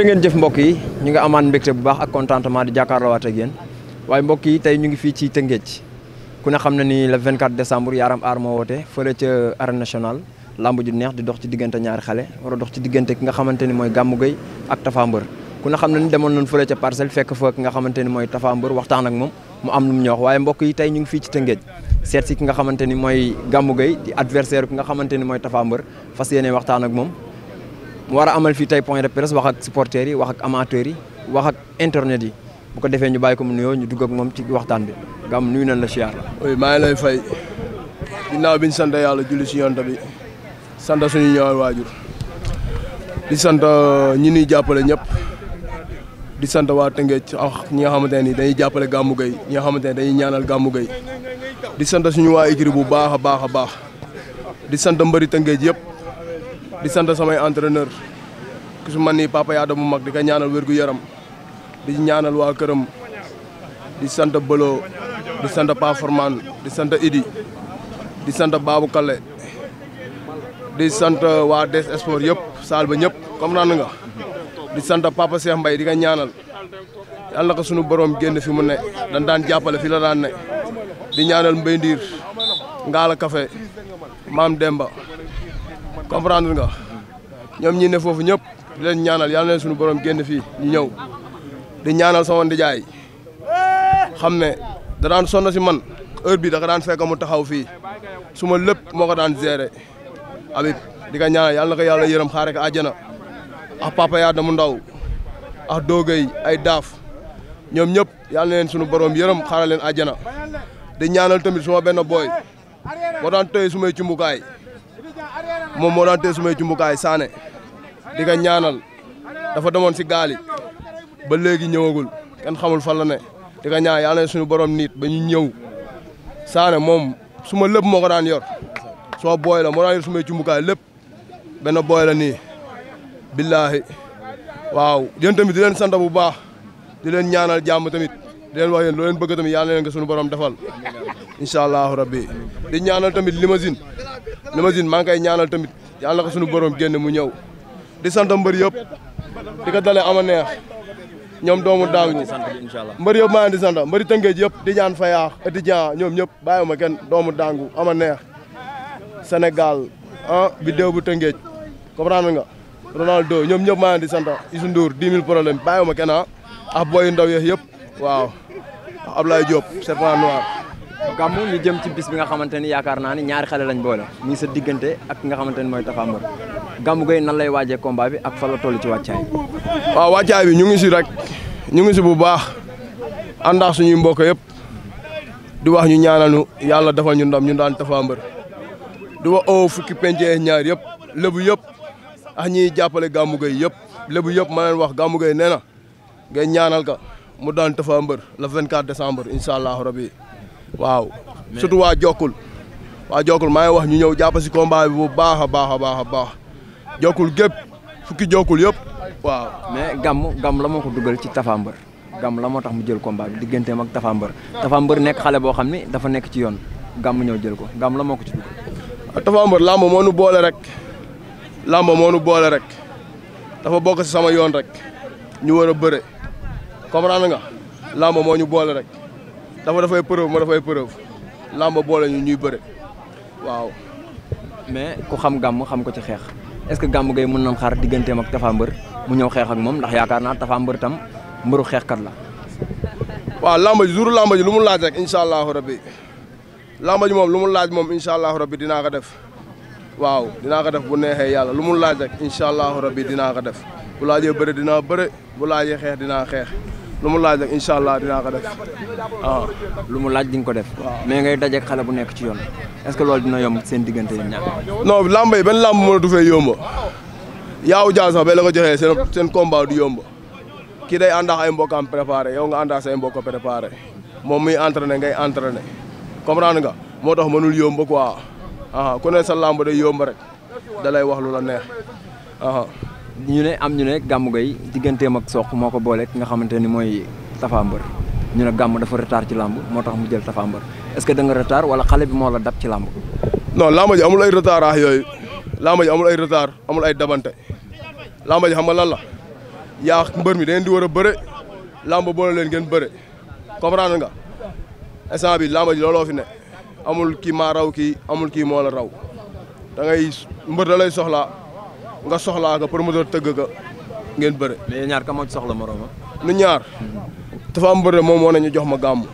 jërë ngeen jëf mbokk yi ñu ngi amaan mbégte bu baax ak contentement di jàkkaarloowaat ak yéen waaye mbokk yi tey ñu ngi fii ci Tëngéej ku ne xam na ni le 24 décembre Yaram Aar moo woote fële ca arène nationale ju neex di dox ci diggante ñaari xale war a ci diggante ki nga xamante ni mooy Gamou Gueye ak Tapha Mbeur ku ne xam na ni demoon nañ fële parcelle fekk fa ki nga xamante ni mooy Tapha Mbeur waxtaan ak moom mu am lu mu waaye mbokk yi tey ñu ngi fii ci Tëngéej seet si ki nga xamante ni mooy Gamou Gueye di adversaire ki nga xamante ni mooy Tapha Mbeur fas yéene waxtaan ak moom war a amal fii tey point de presse wax ak supporters yi wax ak amateurs yi wax ak internet yi bu ko defee ñu bàyyi ko mu nuyoo ñu dugg ak moom ci waxtaan bi gam nuyu nañ la siyaar la. oui maa ngi lay fay ginnaaw bi ñu yàlla julli si yonent bi sant suñu ñaari waajur di sant euh, ñi ñuy jàppale ñëpp di sant waa Tëngéej ak ñi nga xamante ne dañuy jàppale Gamou Gueye ñi nga xamante ne dañuy ñaanal Gamou Gueye di sant suñu waa écurie bu baax a baax a baax di sant mbëri Tëngéej yëpp. di sant samay entraîneur ku man ni papa yaa mu mag di ko ñaanal wér yaram di ñaanal waa këram di sant Bolo di sant Pa Forman di sant Idi di sant Babou Kale di sant waa des sport yëpp saal ba ñëpp comme naan nga di sant papa Cheikh Mbaye di ko ñaanal yàlla na ko sunu borom génn fi mu ne dañ daan jàppale fi la daan ne di ñaanal Mbaye Ndiir Ngaala Café Maam Demba comprendre nga ñoom ñi ne foofu ñëpp di ñaanal yàlla na leen suñu borom génn fii ñu ñëw di ñaanal sama ndijaay xam ne da daan sonn si man heure bi da daan fekk mu taxaw fii suma ma lépp moo ko daan gérer Habib di ka ñaanal yàlla na ko yàlla yërëm xaare ko àjjana ak papa yaa damu ndaw ak ay daaf ñoom ñëpp yàlla na leen suñu borom yërëm xaare leen àjjana di ñaanal tamit suma benn booy moo daan tëye sumay cumbukaay moom moo daan tee sumay cumbukaay Sané di ko ñaanal dafa demoon si gaal ba léegi ñëwagul kenn xamul fan di ko ñaan yàlla na suñu borom nit ba ñëw Sané moom suma ma moo ko daan yor soo booy la moo daan yor sumay cumbukaay lépp benn booy la nii billaahi waaw yéen tamit di leen sant bu baax di leen ñaanal jàmm tamit di leen wax yéen loo leen bëgg tamit yàlla na leen ko suñu borom defal incha allahu rabbi di ñaanal tamit limousine Limousine maa ngi koy ñaanal tamit yàlla na ko suñu génn mu ñëw di santa mbër yëpp di ko dalee ama neex ñoom doomu daaw ñi mbër yëpp maa ngi di sant mbëri tëngeej yëpp di ñaan fayaax étudiant ñoom ñëpp bàyyiwuma kenn doomu daangu ama neex Sénégal ah bidéew bu tëngeej comprendre nga Ronaldo ñoom ñëpp maa di sant Youssou Ndour 10 000 problème bàyyiwuma kenn ah. ah, yeex yëpp waaw Ablaye Diop serpent noir gàmmu ñu jëm ci bis bi nga xamante ni yaakaar naa ni ñaari xale lañ boole ñii sa diggante ak ki nga xamante ni mooy Tapha Mbeur gàmmu gay nan lay waajee combat bi ak fa la ci wàccaay waaw wàccaay bi ñu ngi si rek ñu ngi si bu baax àndaax suñuy mbokk yëpp di wax ñu ñu yàlla defal ñu ndam ñu daan Tapha Mbeur di wax oo oh, fukki pencee ñaar yëpp lébu yëpp ak ñiy jàppale gàmmu gay yëpp lébu yëpp ma leen wax gàmmu gay nee na ngay ñaanal ka mu daan Tapha Mbeur le 24 décembre incha allahu rabi waaw surtout waa Jokkul waa Jokkul maa ngi wax ñu ñëw jàpp si combat bi bu baax a baax a baax a baax Jokkul gépp fukki Jokkul yëpp waaw. mais gàmm gàmm la moo ko dugal ci Tapha Mbeur gàmm la moo tax mu jël combat bi digganteem ak Tapha Mbeur nekk xale boo xam ni dafa nekk ci yoon gàmm ñëw jël ko gàmm la moo ko ci dugal. Ah, Tapha Mbeur làmb moo nu boole rek làmb moo nu boole rek dafa bokk si sama yoon rek ñu war a bëre comprendre nga làmb moo ñu boole rek. dafa dafay preuve ma dafay preuve làmb boole ñu ñuy bëre waaw. mais ku xam gàmm xam ko ci xeex est-ce que gàmm gay mën nañ xaar digganteem ak Tapha Mbeur mu ñëw xeex moom ndax yaakaar naa Tapha Mbeur tam mbëru xeexkat la. waaw làmb ji jour làmb ji lu mu laaj rek incha allahu rabbi làmb ji moom lu mu laaj moom incha allahu rabbi dinaa ko def waaw dinaa ko def bu neexee yàlla lu mu laaj rek incha allahu rabbi dinaa ko def bu laajee bëre dinaa bëre bu laajee xeex dinaa xeex. lu mu laaj rek incha allah dinaa ko def waaw. Ah. lu mu laaj di nga ko def. waaw ah. mais ngay dajeeg xale bu nekk ci yoon est ce que loolu dina yomb seen diggante yi ñaar. non làmb yi benn làmb mënatu fee yomba yaaw jaa sax ba la ko joxee seen seen combat du yomba kii day ànd ay ay mbokkam préparé yow nga ànd ak say mbokk préparé moom muy entraîné ngay entraîné comprendre nga moo tax mënul yomba quoi ah ku ne sa làmb day yomba rek da lay wax lu la neex ah. ñu ne am ñu ne Gamou Gueye digganteem ak Sokh moo ko boole ki nga xamante ni mooy Tapha Mbeur ñu ne Gamou dafa retard ci làmb moo tax mu jël Tapha Mbeur est que danga nga retard wala xale bi moo la dab ci làmb. non làmb ji amul ay retard ah yooyu làmb ji amul ay retard amul ay dabante làmb ji xam nga lan la yaa mbër mi da ngeen di war a bëre làmb boole leen ngeen bëre comprendre nga instant bi làmb ji looloo amul kii maa raw kii amul kii moo la raw da ngay soxla nga soxlaa ko promoteur tëgg ka ngeen bëre. mais ñaar ka moo ci soxla moroom nu ñaar dafa am mbër moom moo ne ñu jox ma gàmm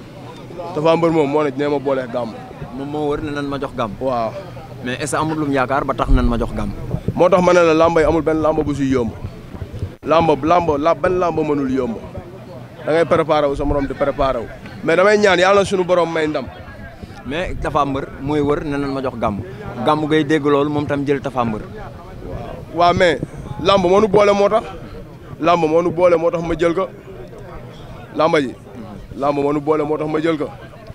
dafa am mbër moom moo ne ma boolee gàmm. moom moo wër ne nan ma jox gàmm. waaw mais est lum yaakaar ba tax nan ma jox gàmm. moo tax ma ne la lamba amul benn lamba bu siy yomb lamba lamba la benn lamba mënul yomb da ngay préparé wu sa morom di préparé wu mais damay ñaan yàlla suñu borom may ndam. mais Tapha Mbeur mooy wër ne nan ma jox gàmm gàmm ngay dégg loolu moom tam jël Tapha Mbeur waaw mais làmb moo nu boole moo tax làmb moo boole moo tax ma jël ko lamba ji làmb moo nu boole moo tax ma jël ko.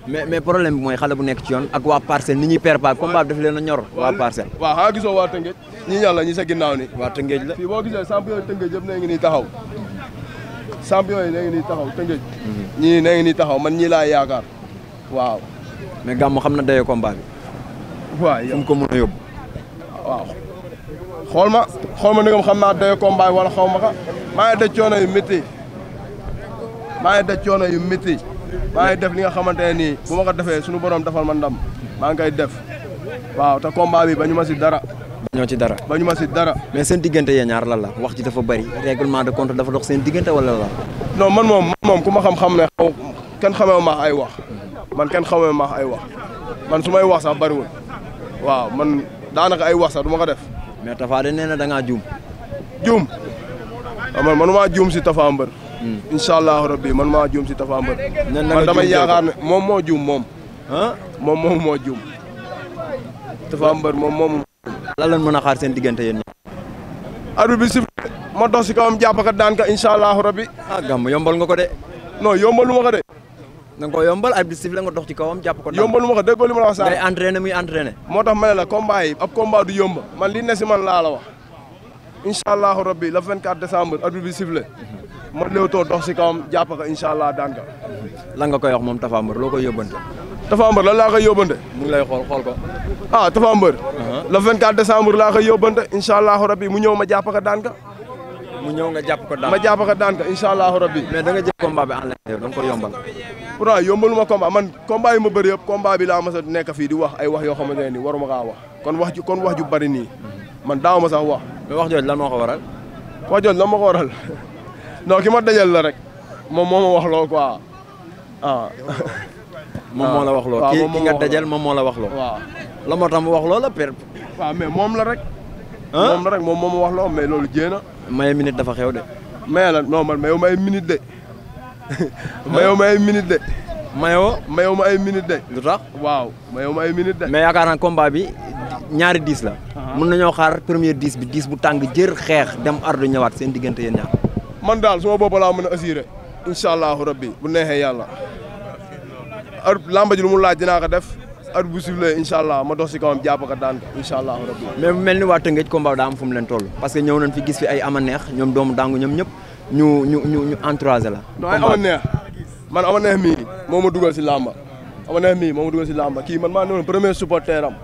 mais mais problème bi mooy xale bu nekk ci yoon ak waa parcelle ni ñuy préparé combat bi daf leen a ñor. waa parcelle waaw xanaa gisoo waa Tëngéej. ñii ñan la ñi sa ginnaaw ni waa Tëngéej la fii boo gisee champion yi Tëngéej yëpp nee ngi nii taxaw champion yi nee ngi nii taxaw Tëngéej. Mhm. ñii nee ngi nii taxaw man ñii laa yaakaar waaw. mais Gamou xam na dayoo combat bi. waaw yow fu mu ko mën xool ma xool ma nagam xam naa dayo combat wala xaw ma ka maa ngi daj maa ngi daj coono yu métti maa ngi def li nga xamante ne nii bu ma ko defee suñu borom defal ma ndam maa ngi def waaw te combat bi ba ñu ma si dara bañoo ci dara bañu ma si dara mais seen diggante yee ñaar lan la wax ji dafa bëri règlement de compte dafa seen diggante wala la non man moom ku ma xam-xam ne xaw kenn xamee ma ay wax man kenn xamee ma ay wax man su may wax sax bëriwul waaw man daanaka ay wax sax du ma ko def mais Tafa de nee na da ngaa juum. juum ah, man manumaa juum si Tafa mbër. Hmm. incha allahu rabbi man maa juum si Tafa mbër. man damay yaakaar ne moom moo juum moom. ah moom moom moo juum. Tafa mbër moom moomu. lan lañ mën a xaar seen diggante yéen ñëpp. arbitre bi sif ma dox si kawam jàpp ka daan ka incha allahu rabbi. ah gàmm yombal nga ko de. non yombalu ma ko de. nga ko yombal arbitre sif la nga dox ci kawam jàpp ko. yombal ma ko déggoo li ma la wax. ngay entraîné muy entraîné. moo man li ne si incha allahu rabbi le 24 décembre bi sifle ma léewtoo jàpp ko incha allah nga koy wax moom Tapha loo koy yóbbante. Tapha Mbeur lan laa koy yóbbante. mu ngi lay xool xool ko. ah Tapha Mbeur. Uh-huh. le allahu rabbi mu ñëw ma jàpp ko daan ka mu ñëw nga jàpp ko daan ma jàpp ko daan ka incha allahu rabbi mais da nga jël combat bi en ligne yow yombal. pourtant yombalu ma combat man combat yu ma bëri yëpp combat bi laa a nekk fii di wax ay wax yoo xamante ne nii waruma kaa wax kon wax ju kon wax ju bëri nii man daaw ma sax wax. mais wax jooju lan moo ko waral. wax jooju lan moo ko waral non ki ma dajal la rek moom moo ma wax loo quoi a ah. moom moo a wax loo ki ki nga dajal moom moo la wax loo. waaw la moo tax mu wax loo la per. waaw mais moom la rek. moom la rek moom moo ma wax loo mais loolu jéem na. minute dafa xew de. maye la non man maye minute de. mayoo ma ay minute de. mayoo mayoo ma ay minute de. lu tax waaw mayoo ma ay minute de. mais yaakaar naa combat bi ñaari diis la. Uh-huh. mën nañoo xaar premier diis bi diis bu tàng jër xeex dem ardu ñëwaat seen diggante yéen ñaar. man daal suma bopp laa mën a assuré. incha allahu rabbi bu neexee yàlla. ar lamba ji lu mu laaj dinaa ko def. ar bu siflee incha allah ma dox si kawam jàpp ko daan ko incha allahu rabbi. mais bu mel ni waa Tëngéej combat daa am fu mu leen toll. parce que ñëw nañ fi gis fi ay ama neex ñoom doomu dangu ñoom ñëpp. ñu ñu ñu ñu la. non ay ama neex man ama neex mii moo ma dugal si làmba ama neex mii moo ma dugal si làmba kii man maa ne woon premier supporter am.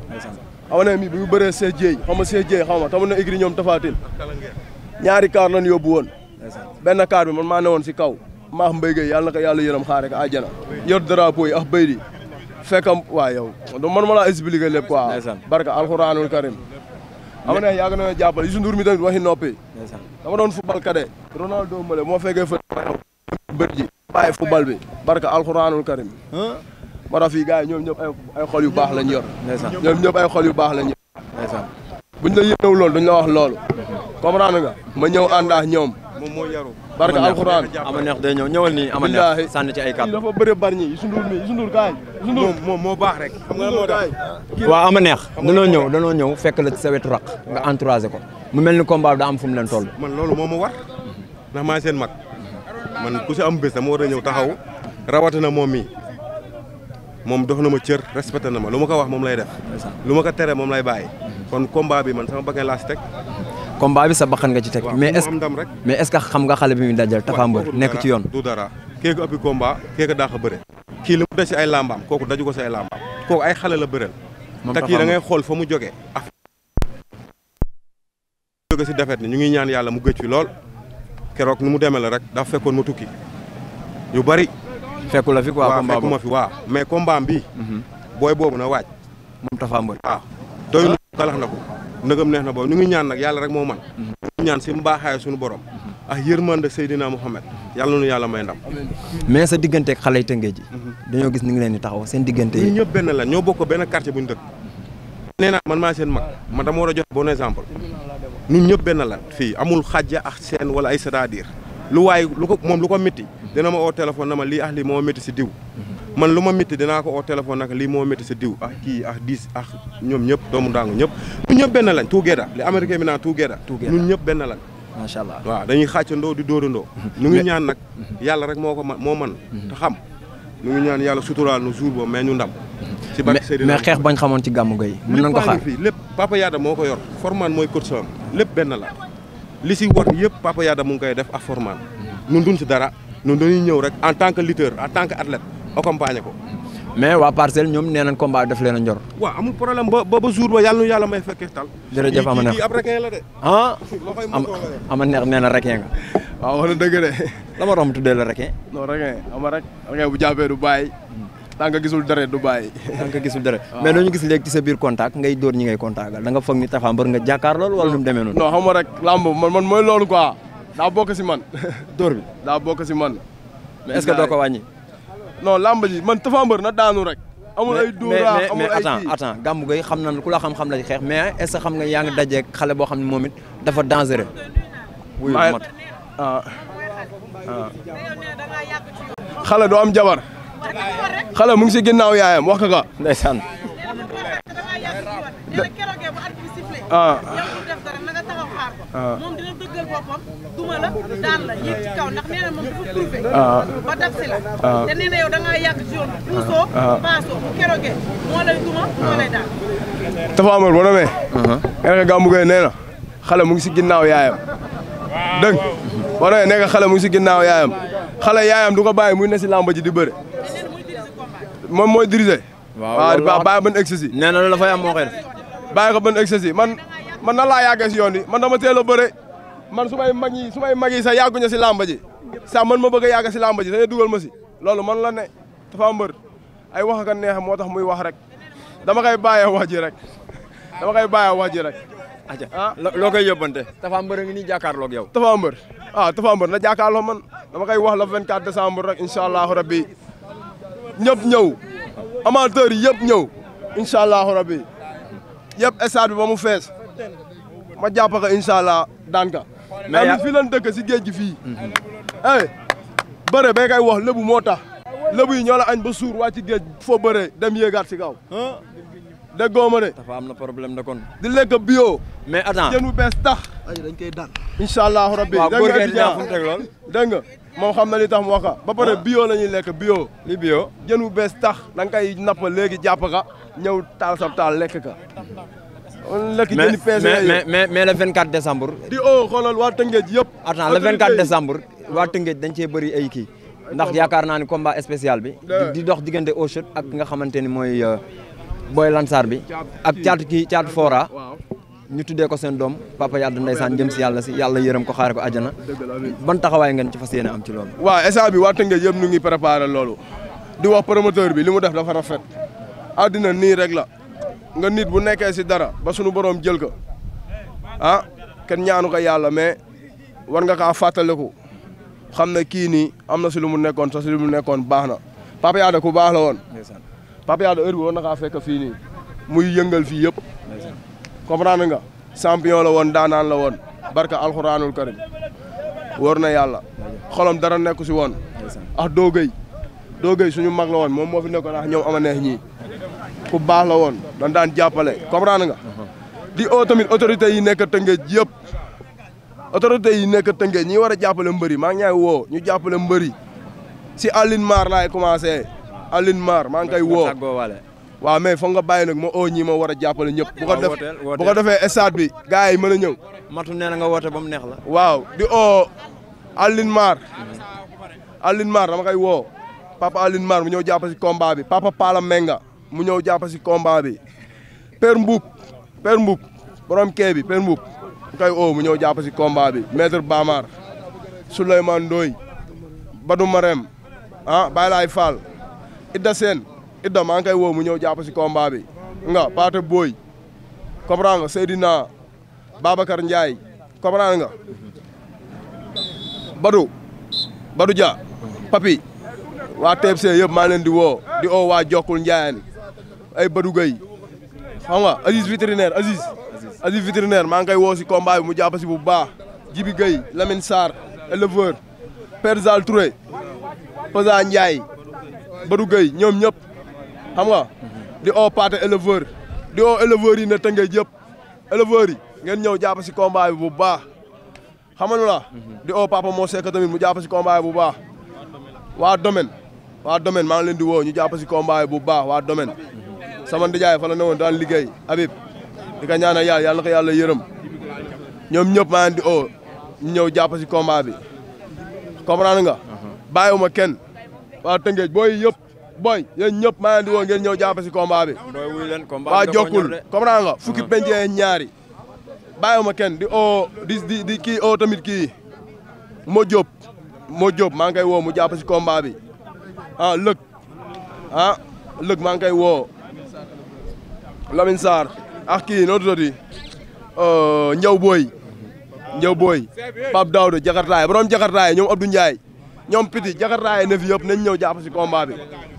ama neex mii bu ñu bëree see jéey xaw ma see jéey xaw ma tamoon na igri ñoom tafaatin ñaari kaar lañ yóbbu woon. benn kaar bi man maa ne woon si kaw. maax mbéy gay yàlla na ko yàlla yërëm xaare ko àjjana. yor drapeau yi ax béy di fekkam waa yow man ma laa expliqué lépp quoi. barka alxuraanul karim ama ne yàgg na jàppale Youssou Ndour mi tamit waxi noppi dama doon football kade Ronaldo male moo fekkee fë bër ji bàyyi football bi barka alxuraanul karim ma raf yi gars yi ñoom ñëpp ay xol yu baax lañ yor ñoom ñëpp ay xol yu baax lañ yor buñ la yéenew loolu dañ la wax loolu comprendre nga ma ñëw ànd ak ñoom moom moo yaru barka alxuraan ama neex day ñëw ñëwal nii ama neex sànni ci ay kàddu dafa bari ñi Youssou Ndour mi Youssou Ndour kaay Youssou Ndour moom moo baax rek xam nga moo tax ama neex danoo ñëw danoo ñëw fekk la ci sa wetu raq nga entouragé ko mu mel ni combat bi daa am fu mu leen toll man loolu moo mu war ndax maa seen mag man ku si am bés dama war a ñëw taxaw rawatina moom mi moom dox na ma cër respecté na ma lu ma ko wax moom lay def lu ma ko tere moom lay bàyyi kon combat bi man sama bëggee laa si teg combat bi sa baxan nga ci teg. mais est ce mais est ce que xam nga xale bi muy dajal. Tapha nekk ci yoon. du dara kee ko ëppi combat kee ko daax a bëre. kii li mu des si ay lambaam kooku daju ko si ay lambaam kooku ay xale la bëreel. moom Tapha Mbeur te kii da ngay xool fa mu jógee. si defet ni ñu ngi ñaan yàlla mu gëj fi lool keroog ni mu demee la rek dafa fekkoon ma tukki yu bari fekku la fi quoi combat waaw fekkuma fi waaw mais combat bi. Mhm. booy boobu na waaj. moom Tapha Mbeur waaw doyul kalax na ko. ndëgam neex na boobu ñu ngi ñaan nag yàlla moo man ñu ñaan si mbaaxaay suñu borom ah yërmande Seydina Mohamed yàlla na nu yàlla may ndam mais sa diggante ak xale yi tëngee ji dañoo gis ni ngi leen di taxaw seen diggante yi ñëpp benn la ñoo bokk benn quartier bu ñu dëkk nee man maa seen mag man dama war a joxe bon exemple nu ñëpp benn la fii amul xajja ak seen wala ay cest à lu waaye lu ko moom lu ko métti dina ma oo téléphone na ma lii ah lii moo métti si diw man lu ma métti dinaa ko oo téléphone nag lii moo métti sa diw ah kii ah diis ah ñoom ñëpp doomu daangu ñëpp ñun ñëpp benn lañ together li américain bi naan together ñun ñëpp benn lañ macha allah waaw dañuy xàccandoo di dóorandoo nu ngi ñaan nag yàlla rek moo ko moo man te xam nu ngi ñaan yàlla suturaal nu jour boobu mais ñu ndam ci barke Seydina mais xeex bañ xamoon ci gàmmu gay mën nañ ko xaar fii lépp papa yaada moo ko yor forman mooy coach am lépp benn la li si war yëpp papa yaada mu ngi koy def ak forman nun duñ si dara nun dañuy ñëw rek en tant que lutteur en tant que athlète accompagner ko. mais waa parcelle ñoom nee nañ combat daf leen a njor. waaw amul problème ba ba jour ba yàlla nu yàlla may fekkee tal. jërëjëf ama neex kii ab requin la de. ah ama neex nee na requin nga. waaw wax na dëgg de. la ma romb tuddee la requin. non requin ama rek requin bu jàppee du bàyyi. tànk gisul deret du bàyyi. tànk gisul deret mais dañu gis léegi ci sa biir contact ngay dóor ñi ngay contactal da nga foog ni Tapha Mbeur nga jàkkaar loolu wala nu mu demee noonu. non xam nga rek lamb man man mooy loolu quoi daa bokk si man. dóor bi daa bokk si man. mais est-ce que doo ko wàññi non làmb ji man Tapha na daanu rek. amul ay dóoraa amul ay mais mais attends attends Gamou xam na ku la xam-xam la ci xeex mais est ce que xam nga yaa ngi dajeeg xale boo xam ne moom dafa dangereux. wuyu ah. doo am jabar. xale mu ngi si ginnaaw yaayam wax nga ko. ndeysaan. ah. Ah. moom dina dëggal boppam duma nee na ah. ah. bu kerogee moo uh-huh. xale mu ngi si ginnaaw yaayam dégg boo demee nee nga xale mu ngi si ginnaaw yaayam xale yaayam du ko bàyyi muy ne si làmba ji di bëre moom mooy dirigé waaw baax bàyyi ban egsi si bàyyi ko ban excès yi man man nan laa yàggee si yoon yi man dama tee la bëre man su may mag yi su may mag yi sax yàgguñu si làmba ji sax man ma bëgg a yàgg si làmba ji dañuy dugal ma si loolu man la ne dafa mbër ay wax ka neex moo tax muy wax rek dama koy bàyyee wax ji rek dama koy bàyyee wax ji rek. aja ah. loo koy yóbbante Tapha Mbeur a ngi nii jàkkaarloog yow Tapha Mbeur ah Tapha Mbeur na jàkkaarloo man dama koy wax la 24 décembre rek incha allahu rabbi ñëpp ñëw amateur yëpp ñëw incha allahu rabbi yëpp stade bi ba mu fees ma jàpp ko incha allah daan ka. mais fi lan dëkk si géej gi fii. eh bëre bay kay wax lébu moo tax. lébu yi ñoo la añ ba suur waa ci géej foo bëree dem yéegaat si kaw. déggoo ma de. dafa am na problème de kon. di lekk bio. mais attends jën bu bees tax. aywa dañ koy daan. incha allahu rabbi dégg nga étudiant nga moom xam na li tax mu wax ba pare bio la ñuy lekk bio. li bio jën bu bees tax da nga koy napp léegi jàpp ka ñëw taal sa taal lekk ka. lekk jënd peese mais mais mais le 24 décembre. di oo oh, xoolal waa Tëngéej yëpp. attends le 24 décembre waa Tëngéej dañ cee bëri ay kii. ndax yaakaar naa ni combat spécial bi. di dox diggante Eau Chaude ak nga xamante ni mooy. Euh, booy lansaar bi ak caatu kii caatu foora ñu tuddee ko seen doom papa yàlla ndeysaan jëm si yàlla si yàlla yërëm ko xaare ko àjjana ban taxawaay ngeen ci fas yéene am ci loolu waaw instant bi waa Tëngéej yëpp ñu ngi préparé loolu di wax promoteur bi li mu def dafa rafet àddina nii rek la nga nit bu nekkee si dara ba suñu borom jël ko ah kenn ñaanu ko yàlla mais war nga kaa fàttaliku xam na kii nii am na si lu mu nekkoon sa si lu mu nekkoon baax na papa Yada ku baax la woon Papa Yade heure bi na kaa fekk fii nii muy yëngal fii yëpp comprendre nga champion la woon daanaan la woon barka alxuraanul karim wóor na yàlla xolam dara nekku si woon ak doogay doogay suñu mag la woon moom moo fi nekkoon ak ñoom ama neex ñii ku baax la woon dañ daan jàppale comprendre nga di oo tamit autorités yi nekk tëngeej yëpp autorités yi nekk tëngeej ñi war a jàppale mbëri maa ñaay woo ñu jàppale mbëri si Aline Mar laay commencé Aline Mar maa ngi koy woo waaw mais foog nga bàyyi nag ma oo war a jàppale ñëpp bu ko def bu ko defee stade bi gars yi mën a ñëw matu nee na woote ba mu la waaw di oo Aline Mar Aline Mar dama koy woo papa Aline Mar mu ñëw jàpp si combat bi papa Pala Menga mu ñëw jàpp si combat bi Père Mbuub Père Mbuub borom kee bi Père Mbuub mu oo mu ñëw jàpp si combat bi maître Bamar Souleymane Ndoye Badou Marème ah, Idda Sène Idda maa ngi woo mu ñëw jàpp si combat bi nga Paate Boy comprendre nga Seydina Babacar Ndiaye comprendre nga Badou Badou Dia Papi waa TFC yëpp maa leen di woo di oo waa Jokkul Ndiayeen ay Badou Gueye xam nga Aziz vétérinaire Aziz maa ngi koy woo si combat bi mu jàpp si bu baax Jibi Gueye Lamine Sarr éleveur Père Badou Gueye ñoom ñëpp xam nga. di oo Pathé éleveur di oo éleveurs yi ne Tëngéej yëpp éleveurs yi ngeen ñëw jàpp si combat bu baax xam nga la di oo papa moo sekk tamit mu jàpp si combat bu baax waa domaine waa domaine maa ngi leen di woo ñu jàpp si combat bu baax waa domaine sama ndijaay fa la woon daan liggéey Habib di ko ñaanal yàlla yàlla ko yàlla yërëm ñoom ñëpp maa ngi di oo ñu ñëw jàpp si combat bi comprendre nga uh-huh. bàyyiwuma kenn waa Tëngéej booy yëpp booy yéen ñëpp maa di woo ngeen ñëw jàpp si combat bi. booy wuy leen combat waa jokkul comprends ah. di oo di kii oo tamit kii moo Diop maa ngi koy woo mu jàpp si combat bi ah, ah, maa ngi koy woo Lamine Sarr ak kii noo tuddati euh, Ndiaw Boy Ndiaw Boy Pape Daouda Jakartaay borom Jakartaay ñoom Abdou ñoom piti jakartaaye ne fi yëpp nañ ñëw jàpp si combat bi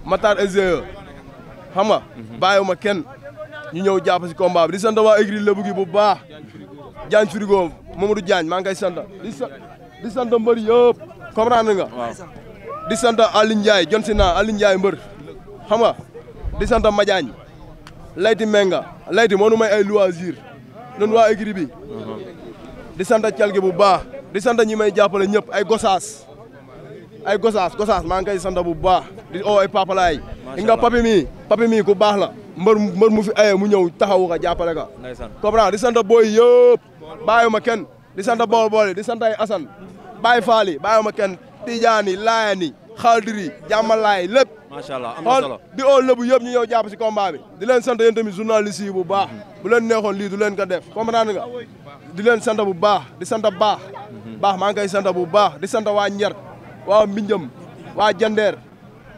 Matar SDE xam nga ma kenn ñu ñëw jàpp si di sant waa écurie Lebu gi bu baax Diagne Frigo Mamadou Diagne maa ngi koy sant di sant di sant mbër yëpp comprendre nga di sant Aline Ndiaye jon si naa Aline Ndiaye mbër xam nga di sant Madiagne layti menga layti moo nu may ay loisir nun waa écurie bi uh-huh. di sant cal gi bu baax di sant ñi may jàppale ñëpp ay gosaas ay gosaas gosaas maa ngi koy sant bu baax di oo ay papalaay yi nga papi mii papi mii ku baax la mbër mbër mu fi a mu ñëw taxawu ka jàppale ko comprendre di sant booy yëpp bàyyuma kenn di sant bool bool di sant ay asan bàyyi faal yi bàyyuma kenn tijaani laayani xaaldiri jàmmalaay lépp macha allah am na solo di oo lëbu yëpp ñu ñëw jàpp si combat bi di leen sant yéen tamit bu baax bu leen neexoon lii du leen ko def comprendre nga di leen sant bu baax di sant baax mhm. baax maa ngi koy sant bu baax di sant waa ñer waa Mbinjam waa Jandeer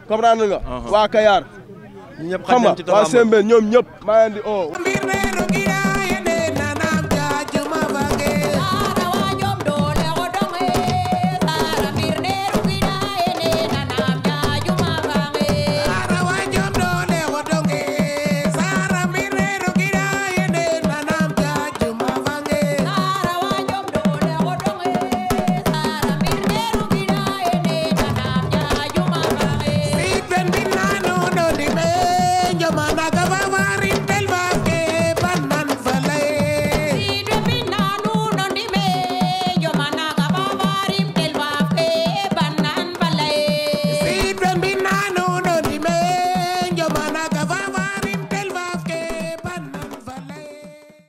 comprendre uh-huh. waa Kayar. ñëpp xam nga waa Sembène ñoom ñëpp maa leen oo.